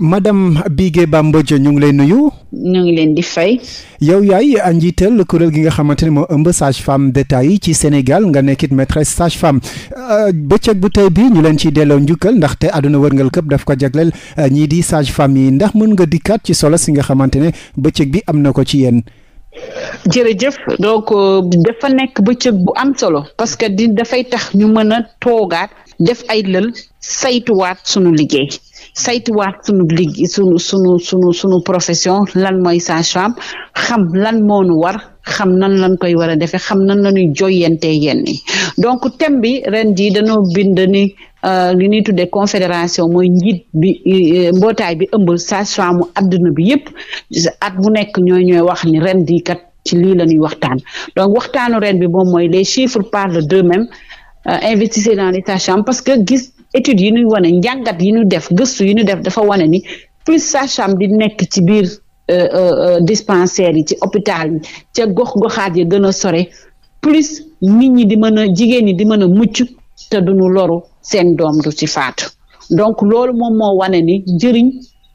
madame Bigué Ba Mbodj ñu ngi lay nuyu. ñu ngi leen di fay. yow yaay njiital kuréel gi nga xamante ne moo ëmb sage femme d'État yi ci Sénégal nga nekkit maîtresse sage femme euh, bëccëg bu tey bi ñu leen ci delloo njukkal ndaxte àdduna wërngal këpp daf ko jagleel euh, ñii di sage femme yi ndax mën nga dikkaat ci solo si nga xamante ne bëccëg bi am na ko ci yéen. jërëjëf doo donc euh, dafa nekk bëccëg bu am solo parce que di dafay tax ñu mën a toogaat def ay lël saytuwaat sunu liggéey saytuwaat sunu liggéey sunu sunu sunu sunu profession lan mooy sage-femme xam lan moo nu war xam nan lan koy war a defee xam nan la ñuy joyantee yenn yi donc thème bi ren jii dañoo bind ni euh, li ñuy tuddee confédération mooy njiit bi euh, mbootaay bi ëmb sage-femme mu àdduna bi yépp at bu nekk ñooy ñooy wax ni ren jii ci li la waxtaan donc waxtaanu ren bi moom mooy les chiffres parlent d'eux-mêmes Euh, investissez dans les sages parce que gis études yi ñuy wane njàngat yi ñu def gëstu yi ñu def dafa wane ni plus sages-femmes di nekk ci biir euh, euh, dispensaires yi ci hôpital yi ca gox-goxaat yi gën a sore plus nit ñi di mën a jigéen ñi di mën a mucc te duñu loru seen doom du ci faat donc loolu moom moo wane ni njëriñ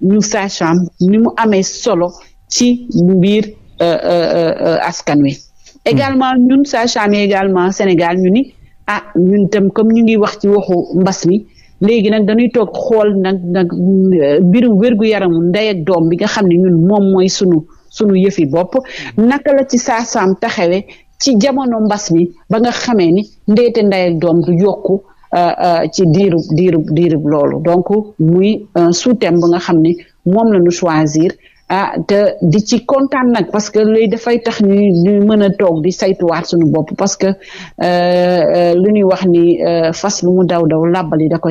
ñu sage-femme ni mu amee solo ci mbir askan wi. Hmm. également ñun sage-femme yi également Sénégal ñu ni ah ñun tam comme ñu ngi wax ci waxu mbas mi léegi nag dañuy toog xool nag nag euh, mbirum wérgu yaramu ndey ak doom bi nga xam ne ñun moom mooy sunu sunu yëfi bopp naka la ci saasaam taxawee ci jamono mbas mi ba nga xamee ni ndeete ndey ak doom du yokku euh, euh, ci diirub diirub diirub loolu donc muy un sous ba nga xam ne moom la ñu choisir ah te di ci kontaan nag parce que luy dafay tax ñuy ñuy mën a toog di saytuwaat suñu bopp parce que euh, euh, lu ñuy wax ni euh, fas lu mu daw daw làbbali da ko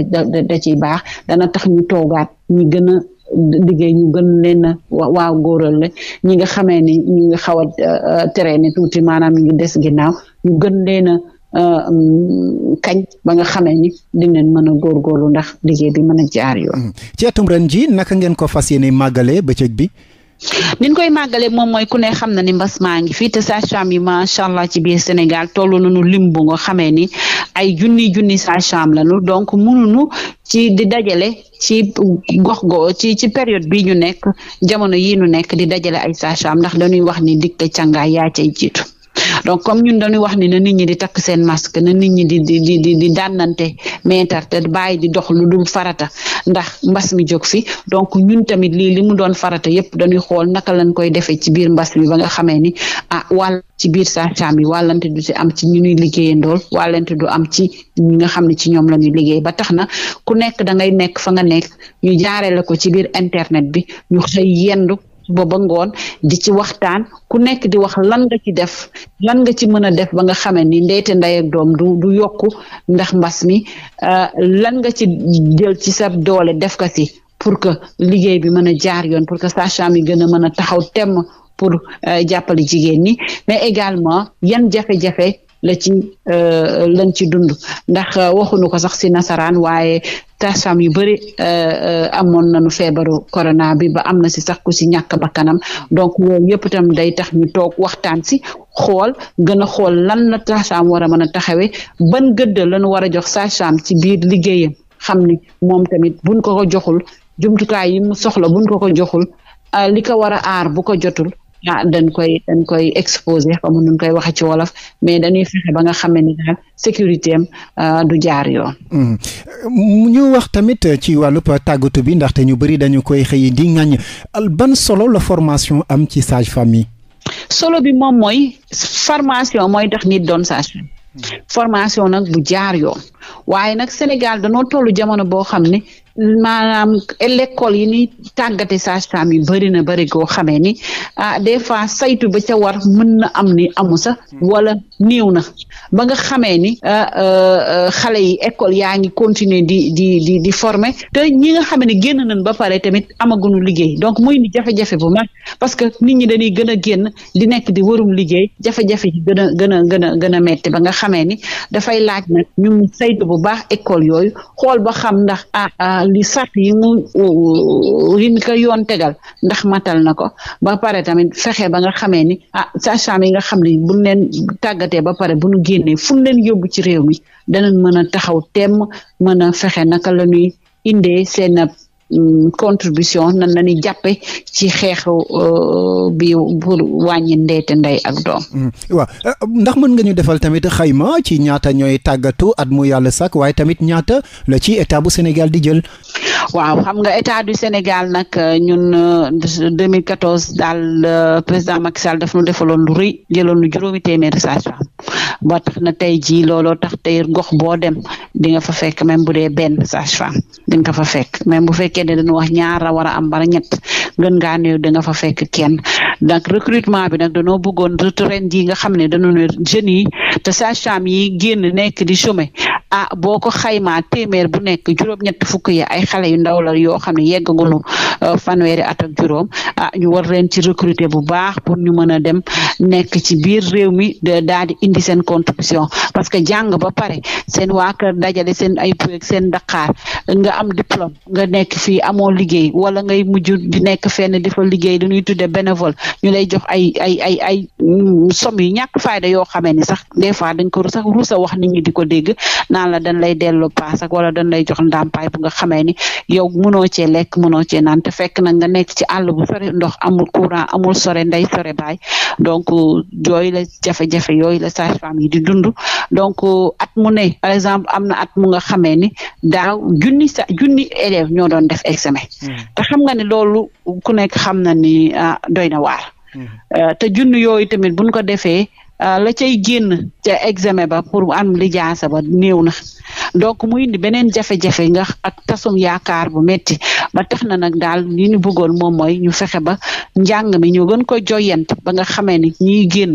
da ci baax dana tax ñu toogaat ñi gën a liggéey gën leen a waa góoral la ñi nga xamee ni ñu ngi xaw a tere ni tuuti maanaam ñu ngi des ginnaaw ñu gën leen Euh, kañ ba nga xamee ni dinañ mën a góorgóorlu ndax liggéey bi mën a jaar yoon. Mm. ci atum ren ji naka ngeen ko fas yéene màggalee bëccëg bi. niñ koy màggalee moom mooy ku ne xam na ni mbas maa ngi fii te sage-femme yi macha allah ci biir Sénégal tollu nañu lim bu nga xamee ni ay junni junni sage-femme lañu donc mënuñu ci di dajale ci gox go ci ci période bi ñu nekk jamono yi ñu nekk di dajale ay sage-femme ndax dañuy wax ni digte càngaay yaa cay jiitu. donc comme ñun dañuy wax ni na nit ñi di takk seen masque na nit ñi di di di di di dànnante meetar te bàyyi di dox lu dul farata ndax mbas mi jóg fi donc ñun tamit lii li mu doon farata yépp dañuy xool naka lañ koy defee ci biir mbas mi ba nga xamee ni ah wàll ci biir sàccaam yi wàllante du ci am ci ñu ñuy liggéeyandool wàllante du am ci ñi nga xam ne ci ñoom la ñuy liggéey ba tax na ku nekk da ngay nekk fa nga nekk ñu jaaree la ko ci biir internet bi ñu xëy yendu suba ba ngoon di ci waxtaan ku nekk di wax lan nga ci def lan nga ci mën a def ba nga xamee ni ndeyte ndey ak doom du du yokku ndax mbas mi euh, lan nga ci jël ci sa doole def ka si pour que liggéey bi mën a jaar yoon pour que sage-femme yi gën a mën a taxaw temm pour euh, jàppale jigéen ñi mais également yan jafe-jafe la ci euh, lañ ci dund ndax euh, waxuñu ko sax si nasaraan waaye tasam yu bëri amoon nañu feebaru corona bi ba am na si sax ku si ñàkk bakkanam donc loolu yëpp itam day tax ñu toog waxtaan si xool gën a xool lan la tasam war a mën a taxawee ban gëdd lañu war a jox sage ci biir liggéeyam xam ni moom tamit buñ ko ko joxul jumtukaay yi mu soxla buñ ko ko joxul li ko war a aar bu ko jotul ah dañ koy dañ koy exposé comme nuñ koy waxee ci wolof mais dañuy fexe ba nga xamee ni daal sécurité am ah, du jaar yoon. Mm-hmm. ñu wax tamit ci wàllub tàggatu bi ndaxte ñu bëri dañu koy xëy di ŋañ ban solo la formation am ci sage-femme yi. solo bi moom mooy formation mooy tax nit doon sage mm-hmm. formation nag bu jaar yoon waaye nag Sénégal danoo tollu jamono boo xam ne maanaam l'école yi ni tàggate sage-femme yi bëri na bëri goo xamee ni ah des fois saytu ba ca war mën na am ni amu sax wala néew na ba nga xamee ni ah, ah, xale yi école yaa ngi continuer di di di di former te ñi nga xam ne génn nañ ba pare tamit amaguñu liggéey donc muy ni jafe-jafe bu mag parce que nit ñi dañuy gën a génn di nekk di wërum liggéey jafe-jafe yi gën a gën a gën a gën a metti ba nga xamee ni dafay laaj nag ñu saytu bu baax école yooyu xool ba xam ndax ah, li sart yi mu yi ñu ko yoon tegal ndax matal na ko ba pare tamit fexe ba nga xamee ni ah sage-femme yi nga xam ne buñ leen tàggatee ba pare bu ñu génnee fu leen yóbbu ci réew mi danañ mën a taxaw temm mën a fexe naka la ñuy indee seen Mm, contribution nan la ñuy jàppe ci xeex euh, bi pour wàññi ndeete ndey ak doom. Mm, waaw euh, ndax mën nga ñu defal tamit xayma ci ñaata ñooy tàggatu at mu yàlla sak waaye tamit ñaata la ci état bu Sénégal di jël. waaw xam nga état du Sénégal nag euh, ñun 2014 euh, daal euh, président Macky Sall daf nu defaloon lu rëy jëloon lu juróomi téeméeri sage-femme ba tax na tey jii looloo tax tey gox boo dem di nga fa fekk même bu dee benn sage-femme di nga fa fekk même bu fekkee ne dañu wax ñaar a war a am bara ñett gën ngaa néew di nga fa fekk kenn donc recrutement bi nag dañoo bëggoon ren jii nga xam ne dañu ne jeunes yi te sage-femme yi génn nekk di chômer ah boo ko xaymaa téeméer bu nekk juróom-ñett fukk yi ay xale yu ndaw la yoo xam ne yeggagunu euh, fanweeri at ak juróom ah ñu war leen ci recruter bu baax pour ñu mën a dem nekk ci biir réew mi daal di indi seen contribution parce que jàng ba pare seen waa kër dajale seen ay pueg seen daqaar nga am diplôme nga nekk fii amoo liggéey wala ngay mujj di nekk fenn di fa liggéey dañuy tudde bénévole ñu lay jox ay ay ay ay mm, somme yu ñàkk fayda yoo xamee ni sax des fois dañ rusa wax nit ñi ko dégg naan la dañ lay dellu paas ak wala dañ lay jox ndàmpaay bu nga xamee ni yow mënoo cee lekk mënoo cee naan te fekk na nga nekk ci àll bu sore ndox amul courant amul sore ndey sore baay donc yooyu le jafe-jafe yooyu la sage-femme yi di dund donc at mu ne par exemple am na at mu nga xamee ni daaw junni sa junni élève ñoo doon def examen hmm. te xam nga ne loolu ku nekk xam na ni ah, doy na waar hmm. euh, te junni yooyu tamit buñ ko defee Euh, la cay génn ca examen ba pour am lijaasa ba néew na donc mu indi beneen jafe-jafe nga ak tasum yaakaar bu metti ba tax na nag daal li ñu bëggoon moom mooy ñu fexe ba njàng mi ñu gën ko joyant ba nga xamee ni ñiy génn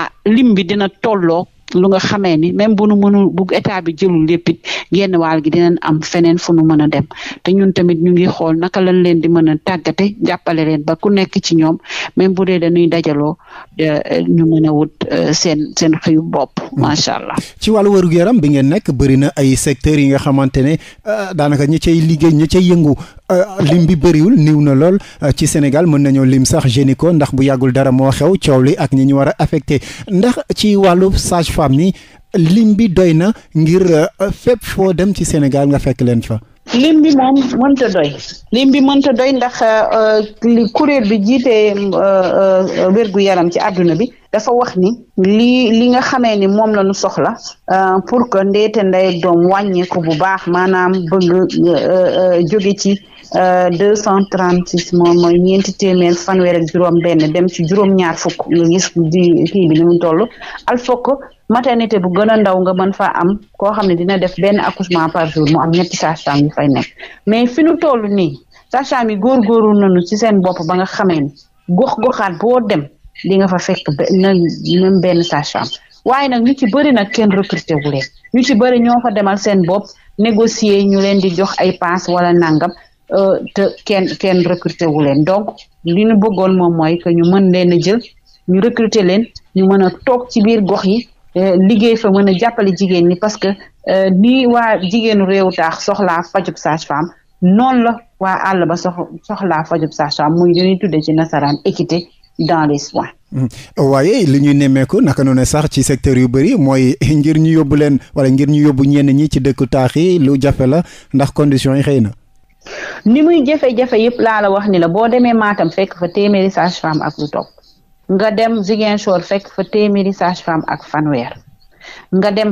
ah lim bi dina tolloo lu nga xamee ni même bu nu mënul bu état bi jëlul lépp it genn gi dinañ am feneen fu nu mën a dem te ñun tamit ñu ngi xool naka lañ leen di mën a tàggate jàppale leen ba ku nekk ci ñoom même bu dee dañuy dajaloo euh, ñu mën a wut euh, seen seen xëyu bopp hmm. macha allah. ci wàllu wërgu yaram bi ngeen nekk bëri na ay secteurs yi nga xamante ne euh, daanaka ñi cay liggéey ñi cay yëngu Euh, lim bi bëriwul niw na lool euh, ci Sénégal mën nañoo lim sax génico ndax bu yàggul dara moo xew coow li ak ñi ñu war a affecté ndax ci wàllu sage-femme ni lim bi doy na ngir euh, fépp foo dem ci Sénégal nga fekk leen fa. lim bi moom mënta doy lim bi mënta doy ndax euh, li kuréel bi jiite euh, euh, wérgu yaram ci àdduna bi dafa wax ni lii li nga xamee ni moom la ñu soxla pour que ndeete ndey doom wàññeeku bu baax maanaam bëgg jóge ci deux cent trente six moom mooy ñeenti téeméer fanweer ak juróom benn dem ci juróom ñaar fukk nga gis di kii toll al fokk maternité bu gën a ndaw nga man faa am koo xam ne dina def benn accouchement par jour mu am ñetti sage-femme yu fay nekk mais fi nu toll nii sage-femme yi góorgóorlu nañu ci seen bopp ba nga xamee gox goxaat boo dem di nga fa fekk même benn sage-femme waaye nag ñu ci bëri nag kenn recruté wu leen ñu ci bëri ñoo fa demal seen bopp négocier ñu leen di jox ay paas wala nangam euh, te kenn kenn recruté wu leen donc li ñu bëggoon moom mooy que ñu mën leen a jël ñu recruter leen ñu mën a toog ci biir gox yi Euh, liggéey fa mën a jàppale jigéen ñi parce que euh, ni waa jigéenu réew taax soxlaa fajub sage-femme noonu la waa àll ba sox soxlaa fajub sage-femme muy li ñuy tuddee ci nasaraan équité dans les soins. Hmm. waaye li ñuy nemmeeku naka noonu sax ci secteur yu bëri mooy ngir ñu yóbbu leen wala ngir ñu yóbbu ñenn ñi ci dëkku taax yi lu jàppee la ndax conditions yi xëy na. ni muy jafe-jafe yëpp laa la wax ni la boo demee Matam fekk fa téeméeri sage-femme ak lu topp. nga dem Ziguinchor fekk fa téeméeri sage-femme ak fanweer nga dem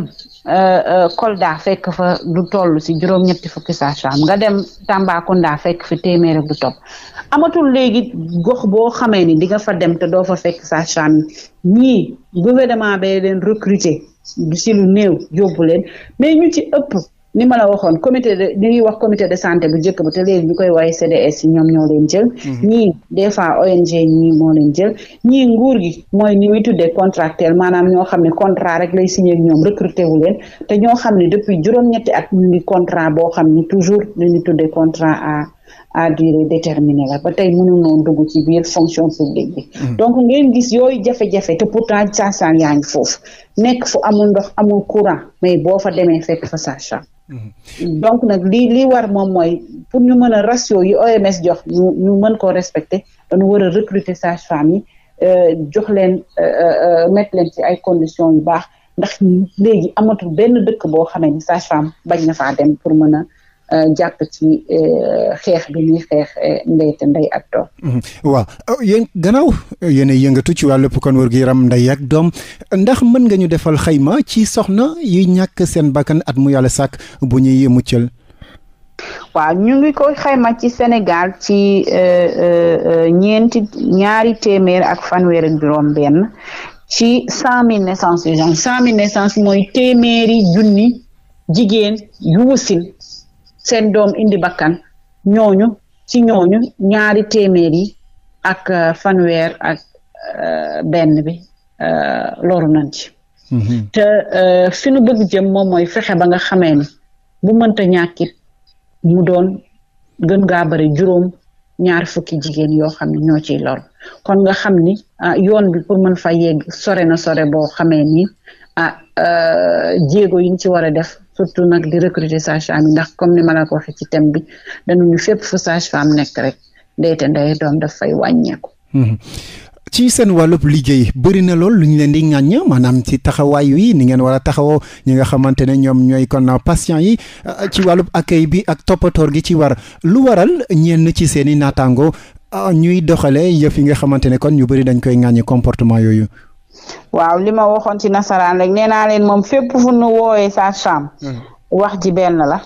euh, euh, Kolda fekk fa du toll si juróom-ñetti fukki sage-femme nga dem Tambacounda fekk fa téeméer ak du topp amatul léegi gox boo xamee ni di fa dem te doo fa fekk sage-femme yi ñii gouvernement bee leen recruter du si lu néew yóbbu leen mais ni ma la waxoon comité de ñu wax comité de santé bu njëkk ba te léegi ñu koy waaye CDS ñoom ñoo leen jël. Mhm. ñii des fois ONG ñii moo leen jël ñii nguur gi mooy ni muy tuddee contractuel maanaam ñoo xam ne contrat rek lay signé ñoom recruter wu leen te ñoo xam ne depuis juróom-ñetti at ñu ngi contrat boo xam ni toujours dañuy tuddee contrat à. à durée déterminée la ba tey mënuñoo dugg ci biir fonction publique bi. Mhm. donc ngeen gis yooyu jafe-jafe te pourtant saasaan yaa ngi foofu nekk fu amul ndox amul courant mais boo fa demee fekk fa saasaan. Mhm. donc nag li li war moom mooy pour ñu mën a ratio yi OMS jox ñu ñu mën koo respecter dañu war a recruter sage-femme yi euh, jox leen euh, euh, mettre leen ci ay conditions yu baax ndax léegi amatul benn dëkk boo xamee ni sage-femme bañ na faa dem pour mën a. Eh, jàpp ci eh, xeex bi ñuy xeex eh, ndey te ndey ak doom. Mhm. waaw oh, yéen gannaaw yéen a yëngatu ci wàllu kon wér gu yaram ndey ak doom ndax mën nga ñu defal xayma ci soxna yi ñàkk seen bakkan at mu yàlla sàkk bu ñuy muccal. waaw ñu ngi koy xayma ci Sénégal ci ñeenti ñaari téeméer ak fanweer ak juróom-benn ci mooy téeméeri junni jigéen yu wasin seen doom indi bakkan ñooñu ci ñooñu ñaari téeméer yi ak euh, fanweer ak euh, benn bi euh, loru nañ ci. Mm-hmm. te fi nu bëgg jëm moom mooy fexe ba nga xamee bu mënta ñàkkit mu doon gën gaa bari juróom ñaar fukki jigéen yoo xam ne ñoo ciy lor kon nga xam ni ah, yoon bi pour mën fa yegg sore na sore boo xamee a ah jéego yi ñu ci war a def surtout nag di recruter sage-femme yi ndax comme ne ma la ko waxee ci thème bi dañu fépp fu sage-femme nekk rek ndeyte ndey doom daf fay wàññeeku. Mhm. ci seen wàllub liggéey bëri na lool lu ñu leen di ŋàññ maanaam ci taxawaay wi ni ngeen war a taxawoo ñi nga xamante ne ñoom ñooy kon patient yi ah, ci wàllub accueil bi ak toppatoor gi ci war lu waral ñenn ci seen i naataango ah, ñuy doxalee yëf yi nga xamante ne kon ñu bëri dañ koy ŋàññi comportement yooyu. waaw li ma waxoon ci nasaraan rek nee leen moom fépp fu nu woowee sage-femme wax ji benn la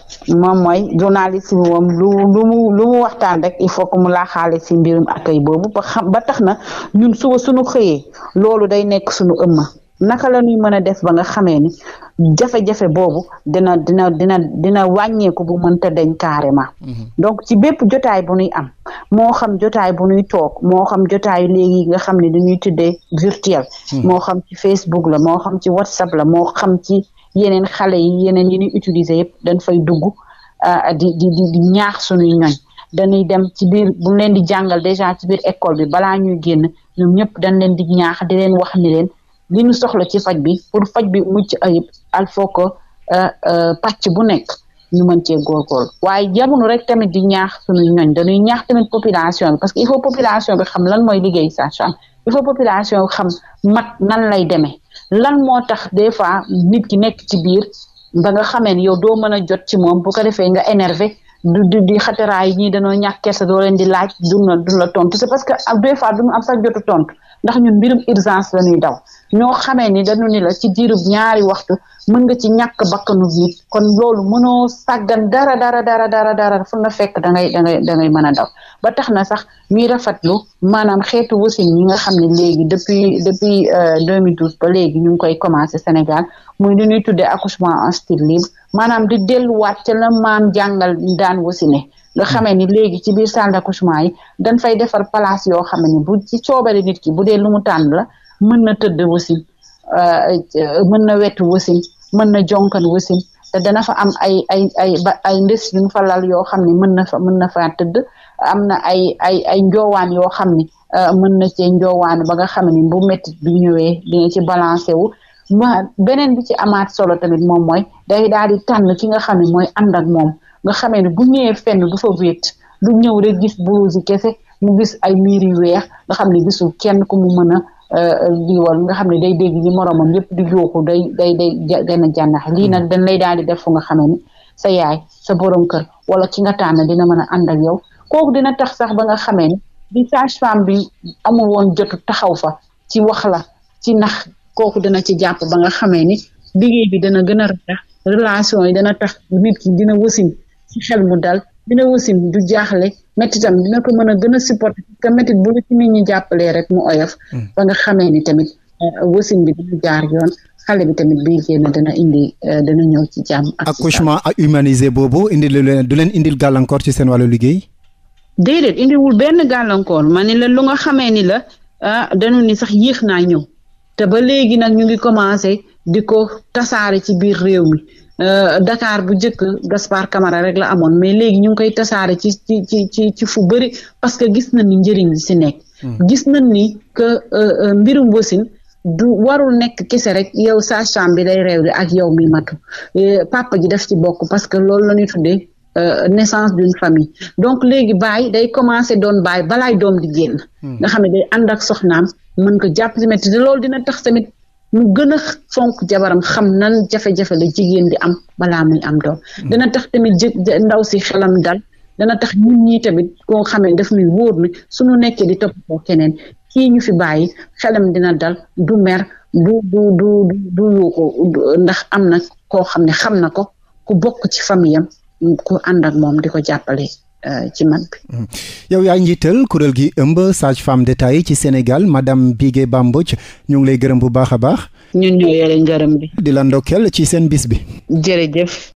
moom mooy journaliste bi moom lu lu mu waxtaan rek il faut que mu laaxaale si mbirum accueil boobu ba xam ba tax na ñun suba suñu xëyee loolu day nekk suñu ëmma naka la ñuy mën a def ba nga xamee ni jafe-jafe boobu dina dina dina dina wàññeeku bu mënta dañ carrément. Mhm. donc ci bépp jotaay bu ñuy am moo xam jotaay bu ñuy toog moo xam jotaay léegi nga xam ne dañuy tuddee virtuel. Mhm. moo xam ci Facebook la moo xam ci WhatsApp la moo xam ci yeneen xale yi yeneen yi ñuy utiliser yëpp dañ fay dugg ah, di di di ñaax suñuy ñoñ. dañuy dem ci biir bu leen di jàngal déjà ci biir école bi balaa ñuy génn ñoom ñëpp dañ leen di ñaax di leen wax ni leen li ñu soxla ci faj bi pour faj bi mucc ayib al faut que euh, euh, pàcc bu nekk ñu mën cee góorgóorlu waaye jamono rek tamit di ñaax suñuy ñooñ dañuy ñaax tamit population parce que il faut population bi xam lan mooy liggéey sage-femme il faut population bi xam mat nan lay demee lan moo tax des fois nit ki nekk ci biir ba nga xamee ne yow doo mën a jot ci moom bu ko defee nga énervé du di xataraay ñii dañoo ñàkk kersa doo leen di laaj duñ la duñ la tontu c'est parce que ah, des fois duñu am sax jotu tont ndax ñu mbirum urgence la ñuy daw ñoo xamee ni dañu ni la ci diirub ñaari waxtu mën nga ci ñàkk bakkanu nit kon loolu mënoo sàggan dara dara dara dara dara fu na fekk da ngay da da ngay mën a daw ba tax na sax mi rafetlu maanaam xeetu wasin yi nga xam ne léegi depuis depuis 2012 euh, ba léegi ñu ngi koy commencé Sénégal muy lu ñuy tuddee accouchement en style libre maanaam di delluwaat ca la maam jàngal daan wasine nga xamee ni léegi ci biir salle d'accouchement yi dañ fay defar place yoo xam ne bu ci coobare nit ki bu dee lu mu tànn la mën na tëdd wasin euh, mën na wetu wasin mën na jonkan wasin te dana fa am ay ay ay ba ay ndës yuñ fa lal yoo xam ne mën na fa mën na faa tëdd am na ay ay ay njoowaan yoo xam ne euh, mën na cee njoowaan ba nga xam ne bu méttit bu ñëwee dina ci balancé wu ma beneen bi ci amaat solo tamit moom mooy day daal di tànn ki nga xam ne mooy ànd ak nga xamee ne bu ñëwee fenn du fa wéet du ñëw rek gis blouse yi kese mu gis ay miir yu weex nga xam ne gisu kenn ku mu mën a liiwal euh, nga xam ne day dégg ñi moroomam yépp di yooxu day day day gën a jànnax lii nag lay daal di def fu nga xam ni sa yaay sa borom kër wala ki nga tànn dina mën a ànd ak yow kooku dina tax sax ba nga xamee ni bi sage-femme bi amul woon jotu taxaw fa ci wax la ci nax kooku dina ci jàpp ba nga xamee ni liggéey bi dana gën a ratax yi dana tax nit ki dina wasin ci xel mu dal dina wasin du jaaxle méttitam dina ko mën a gën a supporter parce bu la ci jàppalee rek mu oyof mm. ba nga xamee ni tamit euh, wasin bi jaar yoon xale bi tamit biy génn dana indi euh, dana ñëw ci jàmm. accouchement ak humanisé boobu indil leen du leen indil gàllankoor ci seen wàllu liggéey. déedéet indiwul benn gàllankoor ma ni la lu nga xamee ni la ah dañu ni sax yéex naa ñëw te ba léegi nag ñu ngi commencé di ko tasaare ci biir réew mi euh, Dakar bu njëkk Gaspard Camara rek la amoon mais léegi ñu ngi koy tasaare ci ci ci ci ci fu bëri parce que gis nañ ni njëriñ li si nekk. Hmm. gis nañ ni que euh, euh, mbirum wasin du warul nekk kese rek yow sage-femme bi day réew di ak yow mi matu papa ji def ci bokk parce que loolu la ñuy tuddee. Euh, naissance d'une famille donc léegi baay day commencer doon baay balaay doom di génn. Hmm. nga xam ne day ànd ak soxnaam mën ko jàpp si métti loolu dina tax tamit mu gën a fonk jabaram xam nan jafe-jafe la jigéen di am balaa muy am doom. Hmm. dana tax tamit jë ndaw si xelam dal. dana tax ñun ñii tamit koo xamee daf mi wóor ni suñu nekkee di toppatoo keneen kii ñu fi bàyyi xelam dina dal du mer du du yuuxu ndax am na koo xam ne xam na ko ku bokk ci famille am ku ànd ak moom di ko jàppale euh, ci mat mm-hmm. yow yaay njiital kuréel gi ëmb sage-femme d'État yi ci Sénégal madame Bigué Bambodj ñu ngi lay gërëm bu baax a baax. ñu ñoo yore ngërëm bi. di la ndokkeel ci seen bis bi. jërëjëf.